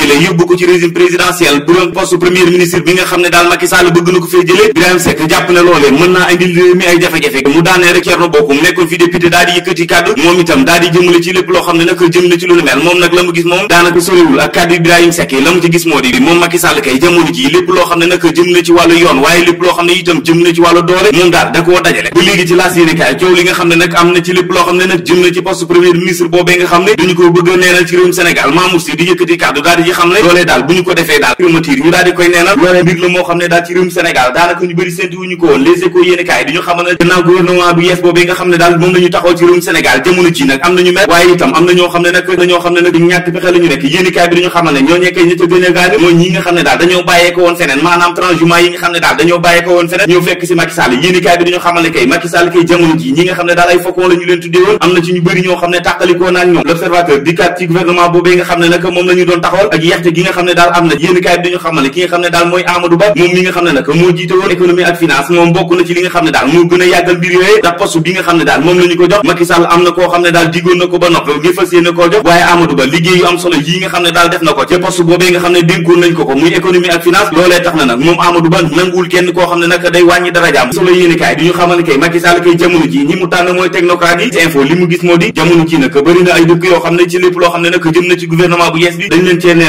jëlee yóbbu ko ci loo xam ne nag jëm ne ci wàllu yoon waaye lépp loo xam ne itam jëm ne ci lépp premier ministre boobee nga xam ne dañu ko bëgg a neenal ci réewum Sénégal Mamour Sy di yëkkati kàddu daal yi xam daal bu ñu ko defee daal primature ñu daal di koy neenal loolee mbir moo xam ne daal ci réewum Sénégal daal moom ñu taxaw waaye itam am na ñoo xam ne nag na ñoo xam ne nag ñàkk pexe la ñu nekk daal dañoo bàyyee woon feneen maanaam transhumant yi nga xam ne daal ay fokon la ñu leen tuddee am na ci ñu bëri ñoo xam ne tàqalikoo naan ñoom l'observateur dikkaat ci gouvernement boobee nga xam ne nag moom la doon taxawal ak yeexte nga xam ne daal am na yéen bi dañu xamal ki nga xam ne daal mooy Amadou Ba moom mi nga xam ne nag moo jiite woon économie ak finance moom bokk na ci li nga xam ne daal moo gën a yàggal mbir yooyu ndax poste bi nga xam ne daal moom la ko jox Macky am na koo xam ne daal diggoon na ko ba noppi ngir fas yéene jox waaye Amadou Ba liggéey am solo yi nga xam ne daal def na ko ci poste boobee nga xam ne dénkoon nañ ko ko muy économie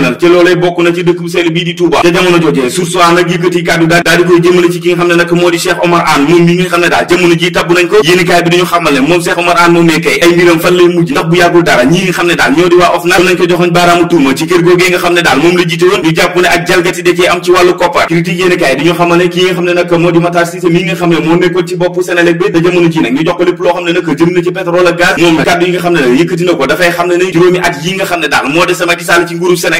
neenal ci loolee bokk na ci dëkk bu sell bii di Touba ja jamono jojee source nag yëkkati kàddu daal daal di koy jëmale ci ki nga xam ne nag yëkkati na ko dafay xam ne ne juróomi at yi nga xam ne daal moo de sama gisaal ci nguuru Sénégal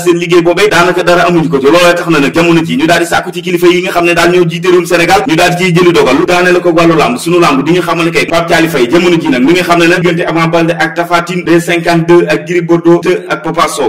seen liggéey boobee daanaka dara amuñu ko ci a tax na nag jamono ji ñu daal di sàkku ci kilifa yi nga xam ne daal ñoo jiite réewum Sénégal ñu daal di ciy jëli dogal lu daane la ko làmb sunu làmb di nga xam ne kay Pape Thiali Faye jamono ji nag mi nga xam ne nag diggante Ama Baldé ak Tapha Tine des 52 ak Gris Bordeaux te ak Papa Sow